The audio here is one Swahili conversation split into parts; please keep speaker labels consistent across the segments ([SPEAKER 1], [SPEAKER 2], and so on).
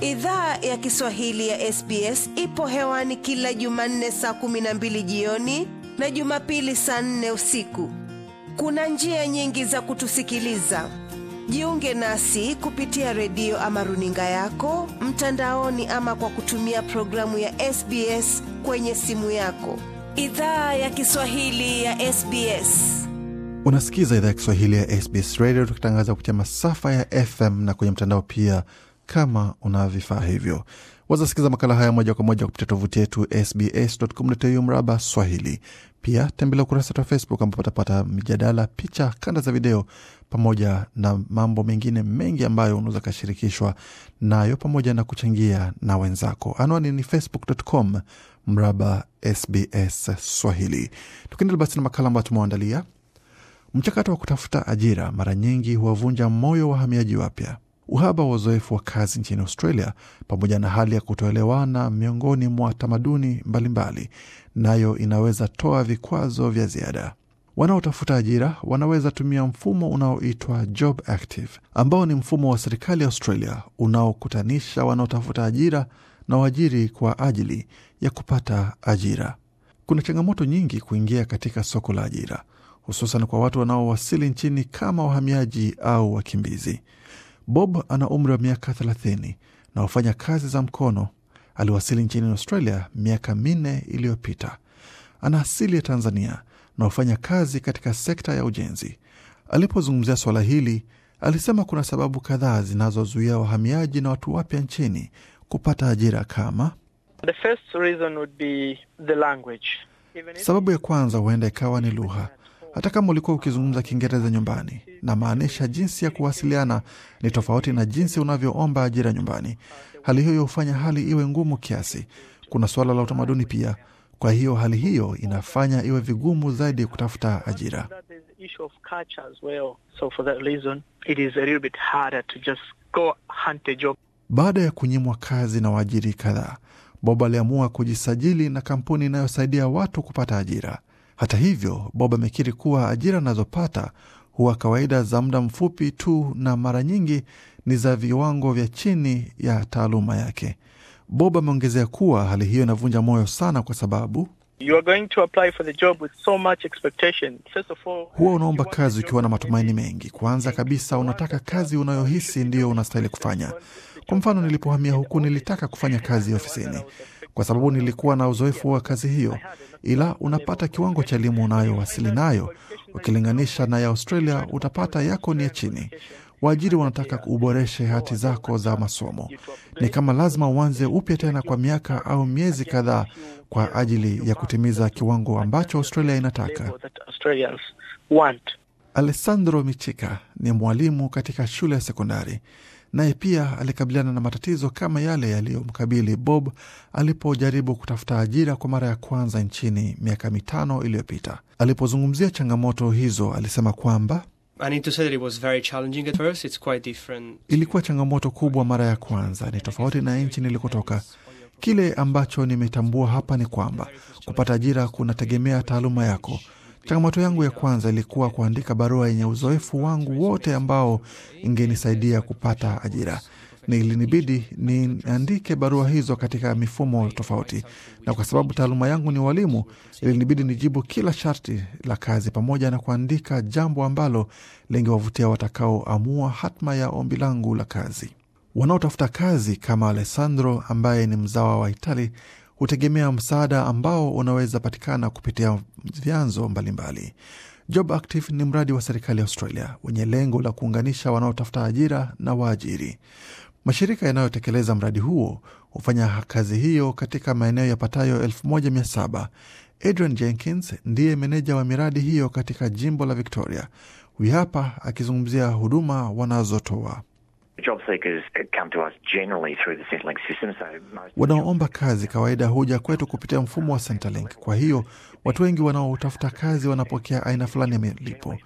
[SPEAKER 1] Idhaa ya Kiswahili ya SBS ipo hewani kila Jumanne saa kumi na mbili jioni na Jumapili saa nne usiku. Kuna njia nyingi za kutusikiliza. Jiunge nasi kupitia redio ama runinga yako mtandaoni, ama kwa kutumia programu ya SBS kwenye simu yako. Idhaa ya Kiswahili ya SBS. Unasikiza idhaa ya Kiswahili ya SBS Radio, tukitangaza kupitia masafa ya FM na kwenye mtandao pia kama una vifaa hivyo. Wazasikiza makala haya moja kwa moja kupitia tovuti yetu sbs.com.au mraba Swahili. Pia tembelea ukurasa wetu wa Facebook ambapo utapata mijadala, picha, kanda za video pamoja na mambo mengine mengi ambayo unaweza kashirikishwa nayo pamoja na kuchangia na wenzako. Anwani ni facebook.com mraba SBS Swahili. Tukiendelea basi na makala ambayo tumewaandalia, mchakato wa kutafuta ajira mara nyingi huwavunja moyo wahamiaji wapya uhaba wa uzoefu wa kazi nchini Australia pamoja na hali ya kutoelewana miongoni mwa tamaduni mbalimbali nayo inaweza toa vikwazo vya ziada. Wanaotafuta ajira wanaweza tumia mfumo unaoitwa Job Active ambao ni mfumo wa serikali ya Australia unaokutanisha wanaotafuta ajira na waajiri kwa ajili ya kupata ajira. Kuna changamoto nyingi kuingia katika soko la ajira, hususan kwa watu wanaowasili nchini kama wahamiaji au wakimbizi. Bob ana umri wa miaka 30 na hufanya kazi za mkono. Aliwasili nchini Australia miaka minne iliyopita. Ana asili ya Tanzania na hufanya kazi katika sekta ya ujenzi. Alipozungumzia swala hili, alisema kuna sababu kadhaa zinazozuia wahamiaji na watu wapya nchini kupata ajira kama The first reason would be the language. Sababu ya kwanza huenda ikawa ni lugha hata kama ulikuwa ukizungumza Kiingereza nyumbani. Namaanisha jinsi ya kuwasiliana ni tofauti na jinsi unavyoomba ajira nyumbani. Hali hiyo hufanya hali iwe ngumu kiasi. Kuna suala la utamaduni pia. Kwa hiyo hali hiyo inafanya iwe vigumu zaidi kutafuta ajira. Baada ya kunyimwa kazi na waajiri kadhaa, Bob aliamua kujisajili na kampuni inayosaidia watu kupata ajira. Hata hivyo, Bob amekiri kuwa ajira anazopata huwa kawaida za muda mfupi tu na mara nyingi ni za viwango vya chini ya taaluma yake. Bob ameongezea kuwa hali hiyo inavunja moyo sana kwa sababu huwa unaomba kazi ukiwa na matumaini mengi. Kwanza kabisa, unataka kazi unayohisi ndiyo unastahili kufanya. Kwa mfano, nilipohamia huku nilitaka kufanya kazi ofisini kwa sababu nilikuwa na uzoefu wa kazi hiyo, ila unapata kiwango cha elimu unayowasili nayo ukilinganisha na ya Australia, utapata yako ni ya chini. Waajiri wanataka uboreshe hati zako za masomo, ni kama lazima uanze upya tena kwa miaka au miezi kadhaa kwa ajili ya kutimiza kiwango ambacho Australia inataka. Alessandro Michika ni mwalimu katika shule ya sekondari naye pia alikabiliana na matatizo kama yale yaliyomkabili Bob alipojaribu kutafuta ajira kwa mara ya kwanza nchini miaka mitano iliyopita. Alipozungumzia changamoto hizo, alisema kwamba ilikuwa changamoto kubwa mara ya kwanza, ni tofauti na nchi nilikotoka. Kile ambacho nimetambua hapa ni kwamba kupata ajira kunategemea taaluma yako. Changamoto yangu ya kwanza ilikuwa kuandika barua yenye uzoefu wangu wote ambao ingenisaidia kupata ajira. Nilinibidi niandike barua hizo katika mifumo tofauti, na kwa sababu taaluma yangu ni walimu, ilinibidi nijibu kila sharti la kazi pamoja na kuandika jambo ambalo lingewavutia watakaoamua hatma ya ombi langu la kazi. Wanaotafuta kazi kama Alessandro ambaye ni mzawa wa Itali hutegemea msaada ambao unaweza patikana kupitia vyanzo mbalimbali. Job Active ni mradi wa serikali ya Australia wenye lengo la kuunganisha wanaotafuta ajira na waajiri. Mashirika yanayotekeleza mradi huo hufanya kazi hiyo katika maeneo yapatayo 1700. Adrian Jenkins ndiye meneja wa miradi hiyo katika jimbo la Victoria. Huyu hapa akizungumzia huduma wanazotoa. Wanaoomba kazi kawaida huja kwetu kupitia mfumo wa Centrelink. Kwa hiyo watu wengi wanaotafuta kazi wanapokea aina fulani ya malipo.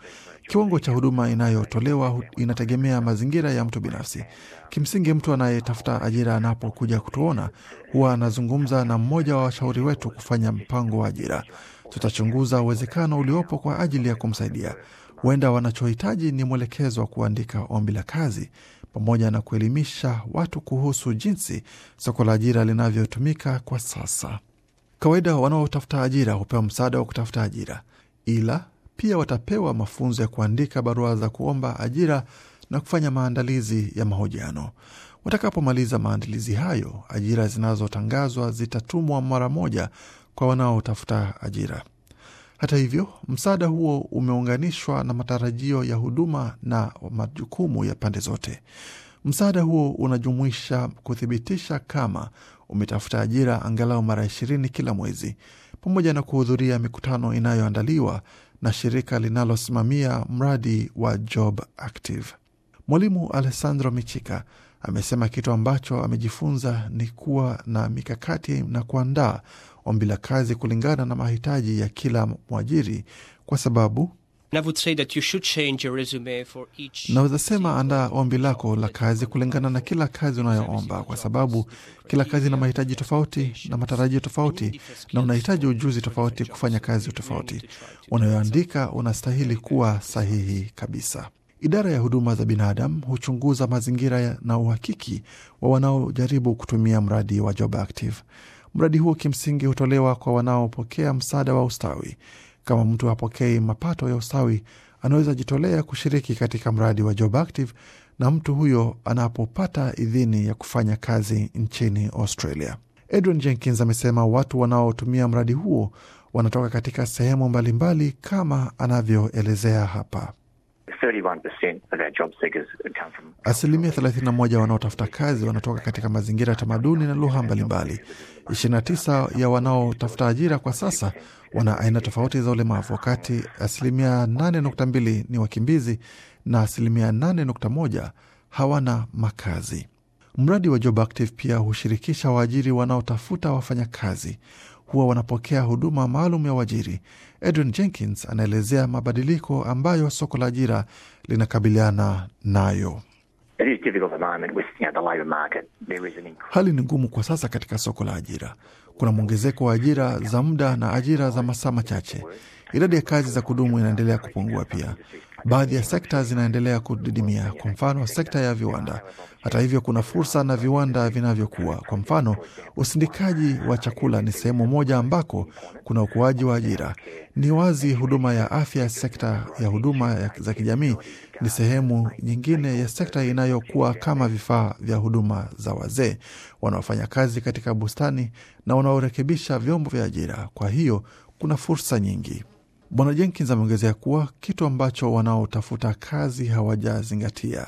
[SPEAKER 1] Kiwango cha huduma inayotolewa inategemea mazingira ya mtu binafsi. Kimsingi, mtu anayetafuta ajira anapokuja kutuona huwa anazungumza na mmoja wa washauri wetu kufanya mpango wa ajira. Tutachunguza uwezekano uliopo kwa ajili ya kumsaidia. Huenda wanachohitaji ni mwelekezo wa kuandika ombi la kazi pamoja na kuelimisha watu kuhusu jinsi soko la ajira linavyotumika kwa sasa. Kawaida wanaotafuta ajira hupewa msaada wa kutafuta ajira, ila pia watapewa mafunzo ya kuandika barua za kuomba ajira na kufanya maandalizi ya mahojiano. Watakapomaliza maandalizi hayo, ajira zinazotangazwa zitatumwa mara moja kwa wanaotafuta ajira. Hata hivyo, msaada huo umeunganishwa na matarajio ya huduma na majukumu ya pande zote. Msaada huo unajumuisha kuthibitisha kama umetafuta ajira angalau mara ishirini kila mwezi pamoja na kuhudhuria mikutano inayoandaliwa na shirika linalosimamia mradi wa Job Active. Mwalimu Alessandro Michika amesema kitu ambacho amejifunza ni kuwa na mikakati na kuandaa ombi la kazi kulingana na mahitaji ya kila mwajiri, kwa sababu naweza sema andaa ombi lako la kazi kulingana na kila kazi unayoomba, kwa sababu kila kazi ina mahitaji tofauti na matarajio tofauti, na unahitaji ujuzi tofauti kufanya kazi tofauti. Unayoandika unastahili kuwa sahihi kabisa. Idara ya huduma za binadamu huchunguza mazingira na uhakiki wa wanaojaribu kutumia mradi wa Job Active. Mradi huo kimsingi hutolewa kwa wanaopokea msaada wa ustawi. Kama mtu apokei mapato ya ustawi, anaweza jitolea kushiriki katika mradi wa Job Active, na mtu huyo anapopata idhini ya kufanya kazi nchini Australia. Edwin Jenkins amesema watu wanaotumia mradi huo wanatoka katika sehemu mbalimbali mbali, kama anavyoelezea hapa. Asilimia 31 wanaotafuta kazi wanatoka katika mazingira ya tamaduni na lugha mbalimbali. 29 ya wanaotafuta ajira kwa sasa wana aina tofauti za ulemavu, wakati asilimia 8.2 ni wakimbizi na asilimia 8.1 hawana makazi. Mradi wa Job Active pia hushirikisha waajiri wanaotafuta wafanyakazi huwa wanapokea huduma maalum ya uajiri. Edwin Jenkins anaelezea mabadiliko ambayo soko la ajira linakabiliana nayo. Hali ni ngumu kwa sasa katika soko la ajira. Kuna mwongezeko wa ajira za muda na ajira za masaa machache. Idadi ya kazi za kudumu inaendelea kupungua pia. Baadhi ya sekta zinaendelea kudidimia, kwa mfano sekta ya viwanda. Hata hivyo, kuna fursa na viwanda vinavyokuwa. Kwa mfano, usindikaji wa chakula ni sehemu moja ambako kuna ukuaji wa ajira. Ni wazi huduma ya afya, sekta ya huduma za kijamii ni sehemu nyingine ya sekta inayokuwa, kama vifaa vya huduma za wazee, wanaofanya kazi katika bustani na wanaorekebisha vyombo vya ajira. Kwa hiyo kuna fursa nyingi. Bwana Jenkins ameongezea kuwa kitu ambacho wanaotafuta kazi hawajazingatia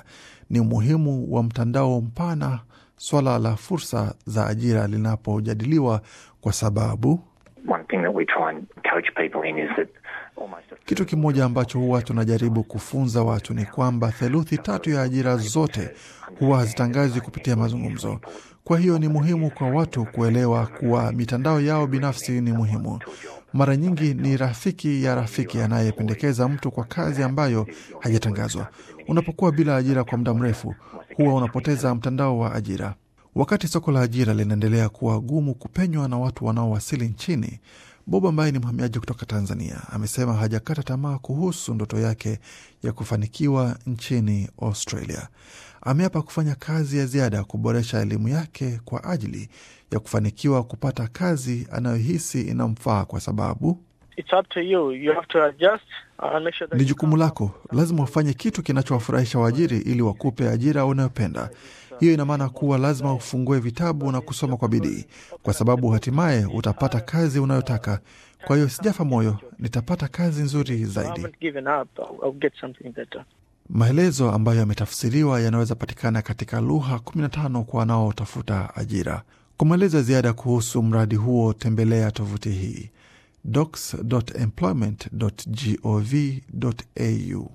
[SPEAKER 1] ni umuhimu wa mtandao mpana swala la fursa za ajira linapojadiliwa, kwa sababu kitu kimoja ambacho huwa tunajaribu kufunza watu ni kwamba theluthi tatu ya ajira zote huwa hazitangazi kupitia mazungumzo. Kwa hiyo ni muhimu kwa watu kuelewa kuwa mitandao yao binafsi ni muhimu mara nyingi ni rafiki ya rafiki anayependekeza mtu kwa kazi ambayo hajatangazwa. Unapokuwa bila ajira kwa muda mrefu, huwa unapoteza mtandao wa ajira. Wakati soko la ajira linaendelea kuwa gumu kupenywa na watu wanaowasili nchini, Bob ambaye ni mhamiaji kutoka Tanzania amesema hajakata tamaa kuhusu ndoto yake ya kufanikiwa nchini Australia. Ameapa kufanya kazi ya ziada kuboresha elimu yake kwa ajili ya kufanikiwa kupata kazi anayohisi inamfaa kwa sababu uh, ni jukumu lako, lazima ufanye kitu kinachowafurahisha waajiri ili wakupe ajira unayopenda. Hiyo ina maana kuwa lazima ufungue vitabu na kusoma kwa bidii, kwa sababu hatimaye utapata kazi unayotaka. Kwa hiyo sijafa moyo, nitapata kazi nzuri zaidi. Maelezo ambayo yametafsiriwa yanaweza patikana katika lugha 15 kwa wanaotafuta ajira. Kwa maelezo ya ziada kuhusu mradi huo tembelea tovuti hii docs.employment.gov.au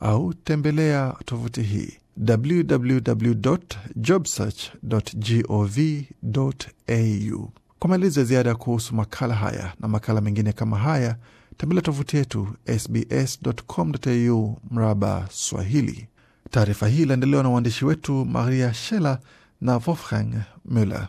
[SPEAKER 1] au tembelea tovuti hii www.jobsearch.gov.au. Kwa maelezo ya ziada kuhusu makala haya na makala mengine kama haya, tembelea tovuti yetu sbs.com.au mraba Swahili. Taarifa hii iliandaliwa na waandishi wetu Maria Shela na Wolfgang Muller.